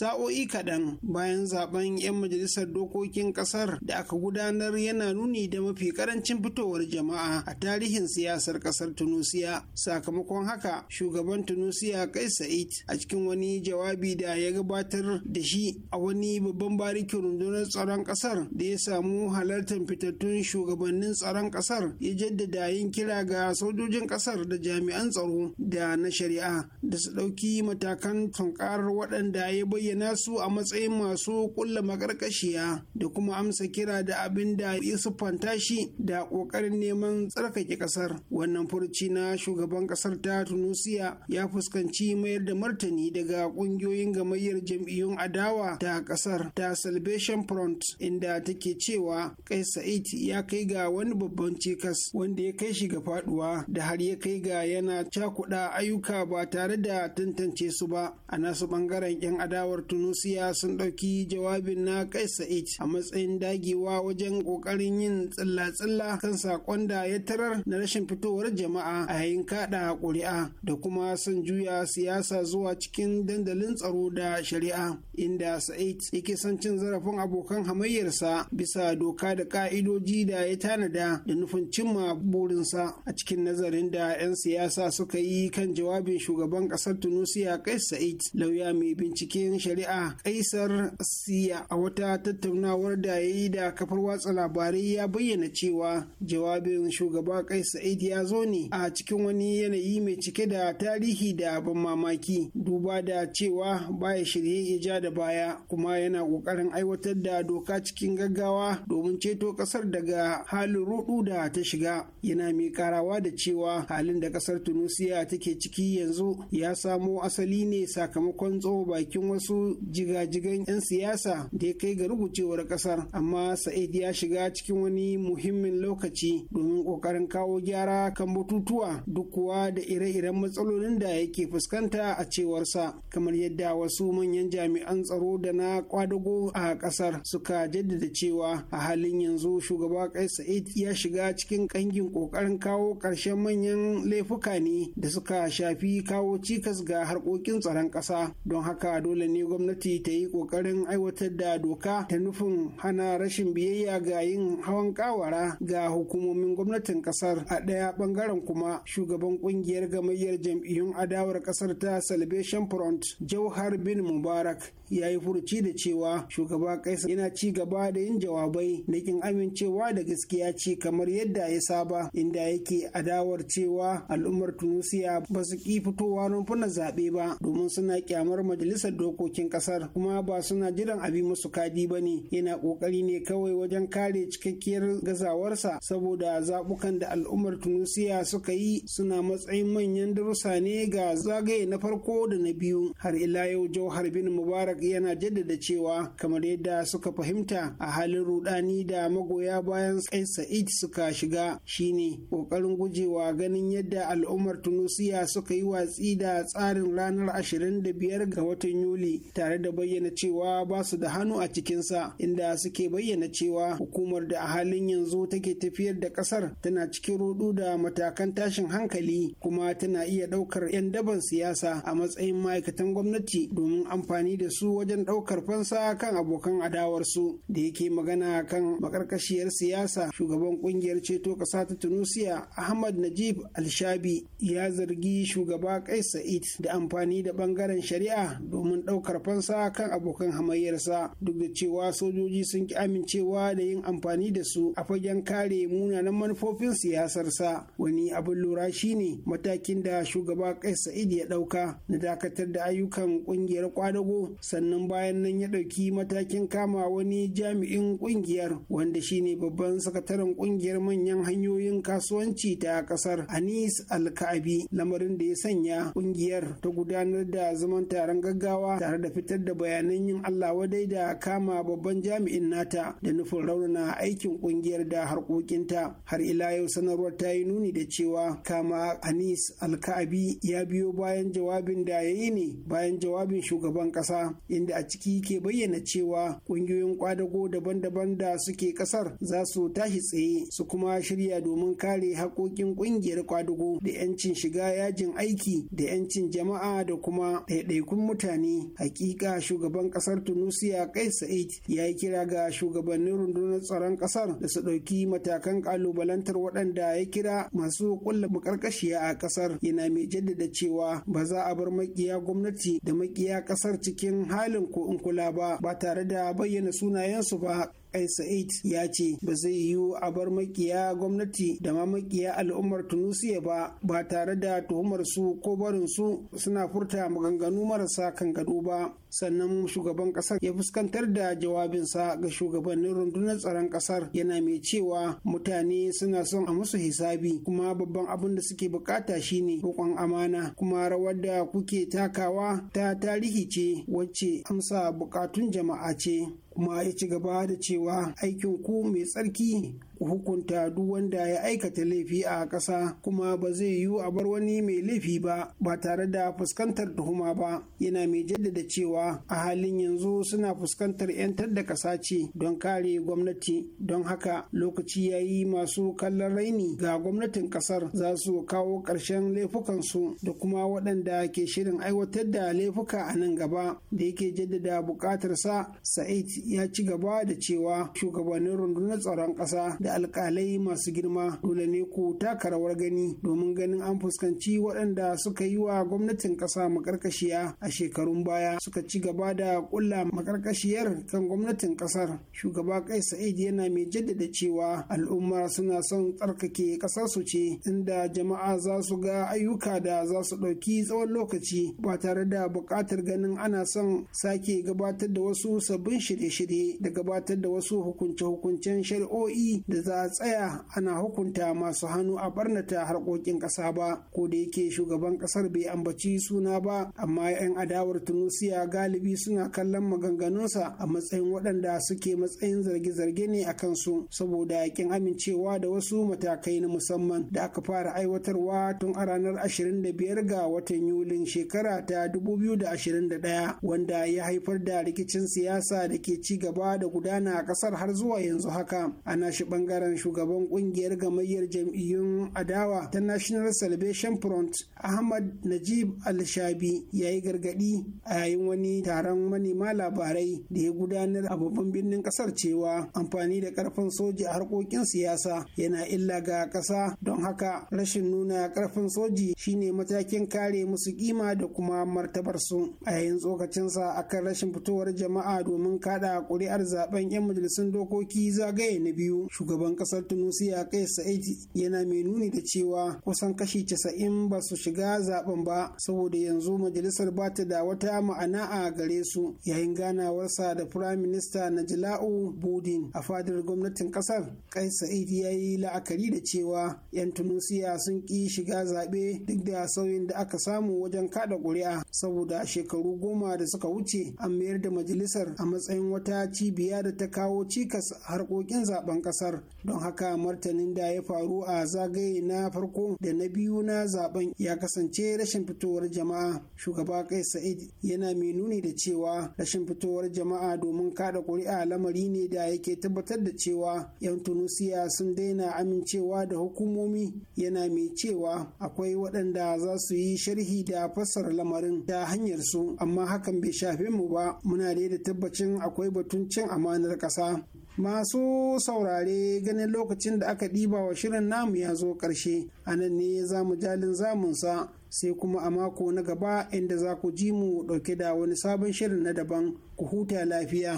sa'o'i kaɗan bayan zaben 'yan majalisar dokokin ƙasar da aka gudanar yana nuni da mafi ƙarancin fitowar jama'a a tarihin siyasar ƙasar tunusiya sakamakon haka shugaban tunusiya kai sa'id a cikin wani jawabi da ya gabatar da shi a wani babban barikin rundunar tsaron ƙasar da ya samu halartar fitattun shugabannin tsaron ƙasar ya jaddada yin kira ga sojojin ƙasar da jami'an tsaro da na shari'a da su ɗauki matakan tunkarar waɗanda ya bayyana bayyana su a matsayin masu kulla makarkashiya da kuma amsa kira da abin da ya siffanta shi da ƙoƙarin neman tsarkake ƙasar wannan furci na shugaban ƙasar ta tunusiya ya fuskanci mayar da martani daga ƙungiyoyin gamayyar jam'iyyun adawa ta ƙasar ta salvation front inda take cewa kai sa'id ya kai ga wani babban cikas wanda ya kai shi ga faduwa da har ya kai ga yana cakuɗa ayyuka ba tare da tantance su ba a nasu ɓangaren 'yan adawar al'ummar tunisia sun ɗauki jawabin na kai sa'id a matsayin dagewa wajen ƙoƙarin yin tsilla-tsilla kan saƙon da ya tarar na rashin fitowar jama'a a yayin kaɗa ƙuri'a da kuma son juya siyasa zuwa cikin dandalin tsaro da shari'a inda sa'id yake son cin zarafin abokan hamayyarsa bisa doka da ƙa'idoji da ya tanada da nufin cimma burinsa a cikin nazarin da 'yan siyasa suka yi kan jawabin shugaban ƙasar tunisia kai sa'id lauya mai binciken shari'a kaisar siya a wata tattaunawar da ya yi da kafar watsa labarai ya bayyana cewa jawabin shugaba kai sa'id ya zo ne a cikin wani yanayi mai cike da tarihi da ban mamaki duba da cewa baya shirye ya ja da baya kuma yana kokarin aiwatar da doka cikin gaggawa domin ceto kasar daga halin rudu da ta shiga yana mai karawa da cewa halin da kasar tunisia take ciki yanzu ya samo asali ne sakamakon tsoho bakin wasu jiga jigajigan 'yan siyasa da ya kai ga rubucewar kasar amma sa'id ya shiga cikin wani muhimmin lokaci domin kokarin kawo gyara kan batutuwa duk kuwa da ire-iren matsalolin da yake fuskanta a cewarsa kamar yadda wasu manyan jami'an tsaro da na kwadago a kasar suka jaddada cewa a halin yanzu shugaba kai sa'id ya shiga cikin kangin kokarin kawo ƙarshen manyan laifuka ne da suka shafi kawo cikas ga harkokin tsaron ƙasa don haka dole ne ne gwamnati ta yi ƙoƙarin aiwatar da doka ta nufin hana rashin biyayya ga yin hawan kawara ga hukumomin gwamnatin ƙasar a ɗaya ɓangaren kuma shugaban ƙungiyar gamayyar jam'iyyun adawar ƙasar ta salvation front jauhar bin mubarak ya yi furuci da cewa shugaba kaisa yana ci gaba da yin jawabai na kin amincewa da gaskiya ci kamar yadda ya saba inda yake adawar cewa al'ummar tunisia ba su ki fitowa rumfuna zaɓe ba domin suna kyamar majalisar dokokin kasar kuma ba suna jiran abin musu kadi ba ne yana kokari ne kawai wajen kare cikakkiyar gazawarsa saboda zaɓukan da al'ummar tunisia suka yi suna matsayin manyan darussa ne ga zagaye na farko da na biyu har ila yau jauhar bin mubarak yana jaddada cewa kamar yadda suka fahimta a halin rudani da magoya bayan kai sa'id suka shiga shine kokarin gujewa ganin yadda al'ummar tunusiya suka yi watsi da tsarin ranar 25 ga watan yuli tare da bayyana cewa ba su da hannu a cikinsa inda suke bayyana cewa hukumar da a halin yanzu take tafiyar da kasar tana cikin rudu da matakan tashin hankali kuma tana iya daukar 'yan daban siyasa a matsayin ma'aikatan gwamnati domin amfani da su wajen ɗaukar fansa kan abokan adawarsu da yake magana kan makarkashiyar siyasa shugaban kungiyar ceto ƙasa ta tunusiya ahmad najib alshabi ya zargi shugaba ƙai sa'id da amfani da ɓangaren shari'a domin ɗaukar fansa kan abokan hamayyarsa duk da cewa sojoji sun ki amincewa da yin amfani da su a fagen kare munanan manufofin siyasarsa wani abin lura shine matakin da shugaba kai sa'id ya ɗauka na dakatar da ayyukan kungiyar kwadago sannan bayan nan ya ɗauki matakin kama wani jami'in ƙungiyar wanda shine babban sakataren ƙungiyar manyan hanyoyin kasuwanci ta ƙasar anis alka'abi lamarin da ya sanya ƙungiyar ta gudanar da zaman taron gaggawa tare da fitar da bayanan yin allah wadai da kama babban jami'in nata da nufin raunana aikin ƙungiyar da harkokinta har ila yau sanarwar ta yi nuni da cewa kama anis alka'abi ya biyo bayan jawabin da ya yi ne bayan jawabin shugaban ƙasa inda a ciki ke bayyana cewa ƙungiyoyin kwadago daban-daban da suke ƙasar za su tashi tsaye su kuma shirya domin kare haƙoƙin ƙungiyar kwadago da 'yancin shiga yajin aiki da 'yancin jama'a da kuma ɗaiɗaikun mutane hakika shugaban ƙasar tunisia kais sa'id ya yi kira ga shugabannin rundunar tsaron ƙasar da su ɗauki matakan ƙalubalantar waɗanda ya kira masu ƙulla maƙarƙashiya a ƙasar yana mai jaddada cewa ba za a bar makiya gwamnati da makiya ƙasar cikin halin ko in kula ba ba tare da bayyana sunayensu ba said ya ce ba zai yiwu a bar makiya gwamnati da ma makiya al'ummar tunusiya ba ba tare da tuhumar su ko barin su suna furta maganganu marasa kan gado ba sannan shugaban kasar ya fuskantar da jawabinsa ga shugabannin rundunar tsaron kasar yana mai cewa mutane suna son a musu hisabi kuma babban abin da suke bukata shine rukon amana kuma rawar da kuke takawa ta tarihi ce wacce amsa bukatun jama'a ce kuma ya ci gaba da cewa aikin ku mai tsarki ne hukunta duk wanda ya aikata laifi a ƙasa kuma ba zai yiwu a bar wani mai laifi ba ba tare da fuskantar tuhuma ba yana mai jaddada cewa a halin yanzu suna fuskantar 'yantar da ƙasa ce don kare gwamnati don haka lokaci ya yi masu kallon raini ga gwamnatin ƙasar za su kawo ƙarshen laifukansu da kuma waɗanda ke shirin aiwatar da laifuka a nan gaba da yake jaddada buƙatar sa, sa'id ya ci gaba da cewa shugabannin rundunar tsaron ƙasa da da alkalai masu girma dole ne ku taka rawar gani domin ganin an fuskanci waɗanda suka yi wa gwamnatin ƙasa makarkashiya a shekarun baya suka ci gaba da ƙulla makarkashiyar kan gwamnatin ƙasar shugaba kai sa'id yana mai jaddada cewa al'umma suna son tsarkake ƙasar su ce inda jama'a za su ga ayyuka da za su ɗauki tsawon lokaci ba tare da buƙatar ganin ana son sake gabatar da wasu sabbin shirye-shirye da gabatar da wasu hukunce-hukuncen shari'o'i da za a tsaya ana hukunta masu hannu a barnata harkokin ƙasa ba ko da yake shugaban ƙasar bai ambaci suna ba amma 'yan adawar tunisia galibi suna kallon maganganunsa a matsayin waɗanda suke matsayin zarge-zarge ne a kansu saboda yakin amincewa da wasu matakai na musamman da aka fara aiwatarwa tun a ranar 25 ga watan yulin shekara ta 2021 wanda ya haifar da rikicin siyasa da ke ci gaba da gudana a ƙasar har zuwa yanzu haka ana shi bangaren shugaban kungiyar gamayyar jam'iyyun adawa ta national salvation front ahmad najib alshabi shabi ya yi gargadi a yayin wani taron manema labarai da ya gudanar a babban birnin kasar cewa amfani da karfin soji a harkokin siyasa yana illa ga kasa don haka rashin nuna karfin soji shine matakin kare musu kima da kuma martabar su a yayin tsokacinsa akan rashin fitowar jama'a domin kada kuri'ar zaben 'yan majalisun dokoki zagaye na biyu shugaban kasar tunisia kai sa'id yana mai nuni da cewa kusan kashi casa'in ba su shiga zaben ba saboda yanzu majalisar ba ta da wata ma'ana a gare su yayin ganawarsa da firayim minista najla'u budin a fadar gwamnatin kasar kai sa'id ya yi la'akari da cewa 'yan tunisia sun ki shiga zaɓe duk da sauyin da aka samu wajen kada ƙuri'a saboda shekaru goma da suka wuce an mayar da majalisar a matsayin wata cibiya da ta kawo cikas harkokin zaben kasar don haka martanin da ya faru a zagaye na farko da na biyu na zaben ya kasance rashin fitowar jama'a shugaba kai sa'id yana mai nuni da cewa rashin fitowar jama'a domin kada kuri'a lamari ne da yake tabbatar da cewa 'yan tunusiya sun daina amincewa da hukumomi yana mai cewa akwai waɗanda za su yi sharhi da fassara lamarin da hanyar su amma hakan bai shafe mu ba muna da tabbacin akwai batun cin amanar ƙasa masu saurare ganin lokacin da aka ɗiba wa shirin namu ya zo ƙarshe a nan ne za mu jalin zamunsa sai kuma a mako na gaba inda za ku ji mu ɗauke da wani sabon shirin na daban ku huta lafiya.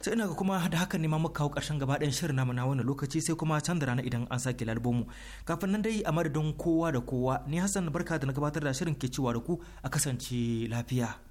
sai ina ga kuma da haka ne ma muka kawo karshen gaba ɗayan shirin namu na wani lokaci sai kuma can da rana idan an sake lalbomu kafin nan dai a madadin kowa da kowa ni hassan barka da na gabatar da shirin ke cewa da ku a kasance lafiya